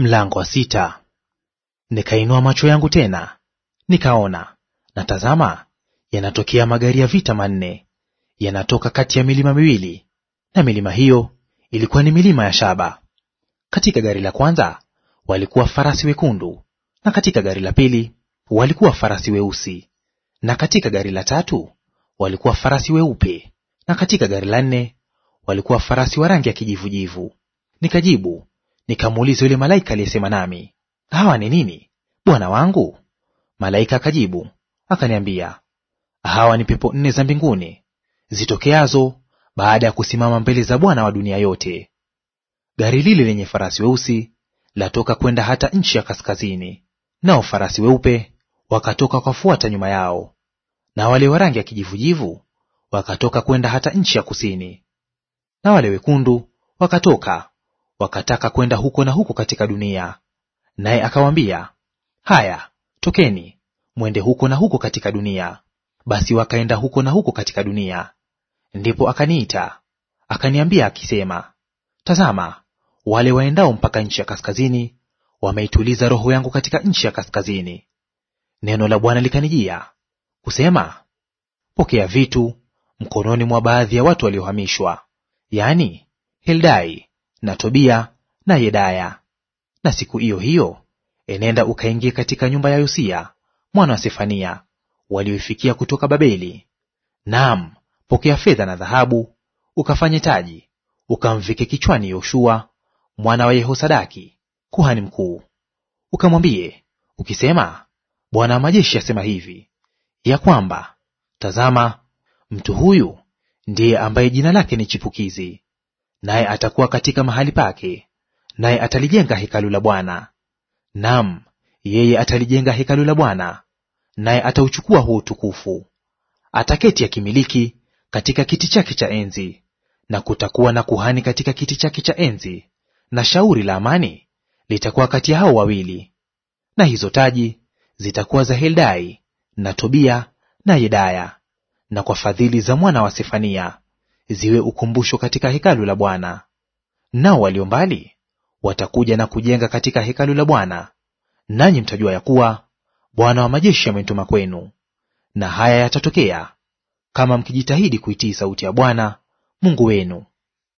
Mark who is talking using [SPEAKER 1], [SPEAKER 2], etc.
[SPEAKER 1] Mlango wa sita. Nikainua macho yangu tena nikaona, na tazama, yanatokea magari ya vita manne yanatoka kati ya milima miwili, na milima hiyo ilikuwa ni milima ya shaba. Katika gari la kwanza walikuwa farasi wekundu, na katika gari la pili walikuwa farasi weusi, na katika gari la tatu walikuwa farasi weupe, na katika gari la nne walikuwa farasi wa rangi ya kijivujivu. Nikajibu, Nikamuuliza yule malaika aliyesema nami, hawa ni nini, bwana wangu? Malaika akajibu akaniambia, hawa ni pepo nne za mbinguni zitokeazo baada ya kusimama mbele za Bwana wa dunia yote. Gari lile lenye farasi weusi latoka kwenda hata nchi ya kaskazini, nao farasi weupe wakatoka kwafuata nyuma yao, na wale wa rangi ya kijivujivu wakatoka kwenda hata nchi ya kusini, na wale wekundu wakatoka wakataka kwenda huko na huko katika dunia. Naye akawaambia, haya, tokeni mwende huko na huko katika dunia. Basi wakaenda huko na huko katika dunia. Ndipo akaniita akaniambia akisema, tazama, wale waendao mpaka nchi ya kaskazini wameituliza roho yangu katika nchi ya kaskazini. Neno la Bwana likanijia kusema, pokea vitu mkononi mwa baadhi ya watu waliohamishwa, yaani Heldai na Tobia na Yedaya. Na siku hiyo hiyo enenda ukaingie katika nyumba ya Yosia mwana wa Sefania walioifikia kutoka Babeli. Naam, pokea fedha na dhahabu, ukafanye taji, ukamvike kichwani Yoshua mwana wa Yehosadaki kuhani mkuu. Ukamwambie ukisema, Bwana wa majeshi asema hivi, ya kwamba tazama, mtu huyu ndiye ambaye jina lake ni chipukizi, naye atakuwa katika mahali pake, naye atalijenga hekalu la Bwana. Naam, yeye atalijenga hekalu la Bwana, naye atauchukua huo utukufu. Ataketi akimiliki katika kiti chake cha enzi, na kutakuwa na kuhani katika kiti chake cha enzi, na shauri la amani litakuwa kati ya hao wawili. Na hizo taji zitakuwa za Heldai na Tobia na Yedaya, na kwa fadhili za mwana wa Sefania ziwe ukumbusho katika hekalu la Bwana. Nao walio mbali watakuja na kujenga katika hekalu la Bwana, nanyi mtajua ya kuwa Bwana wa majeshi amenituma kwenu. Na haya yatatokea kama mkijitahidi kuitii sauti ya Bwana Mungu wenu.